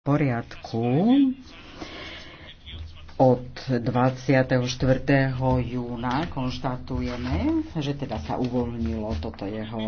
poriadku od 24. júna konštatujeme, že teda sa uvoľnilo toto jeho